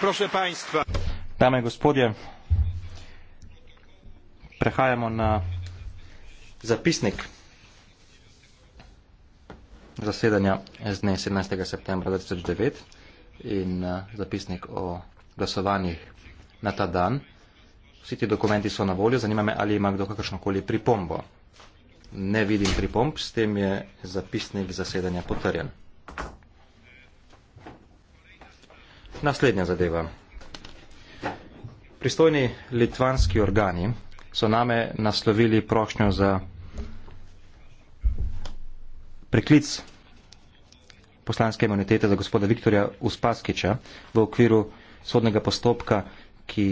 Proszę Państwa. Damy gospodzie, przechajamy na zapisnik zasiedzenia z dnia 17 septembra 2009 i eh, zapisnik o głosowaniach na ta dan. Vsi ti dokumenti so na voljo, zanima me, ali ima kdo kakršnokoli pripombo. Ne vidim pripomb, s tem je zapisnik zasedanja potrjen. Naslednja zadeva. Pristojni litvanski organi so name naslovili prošnjo za preklic poslanske imunitete za gospoda Viktorja Uspaskiča v okviru sodnega postopka, ki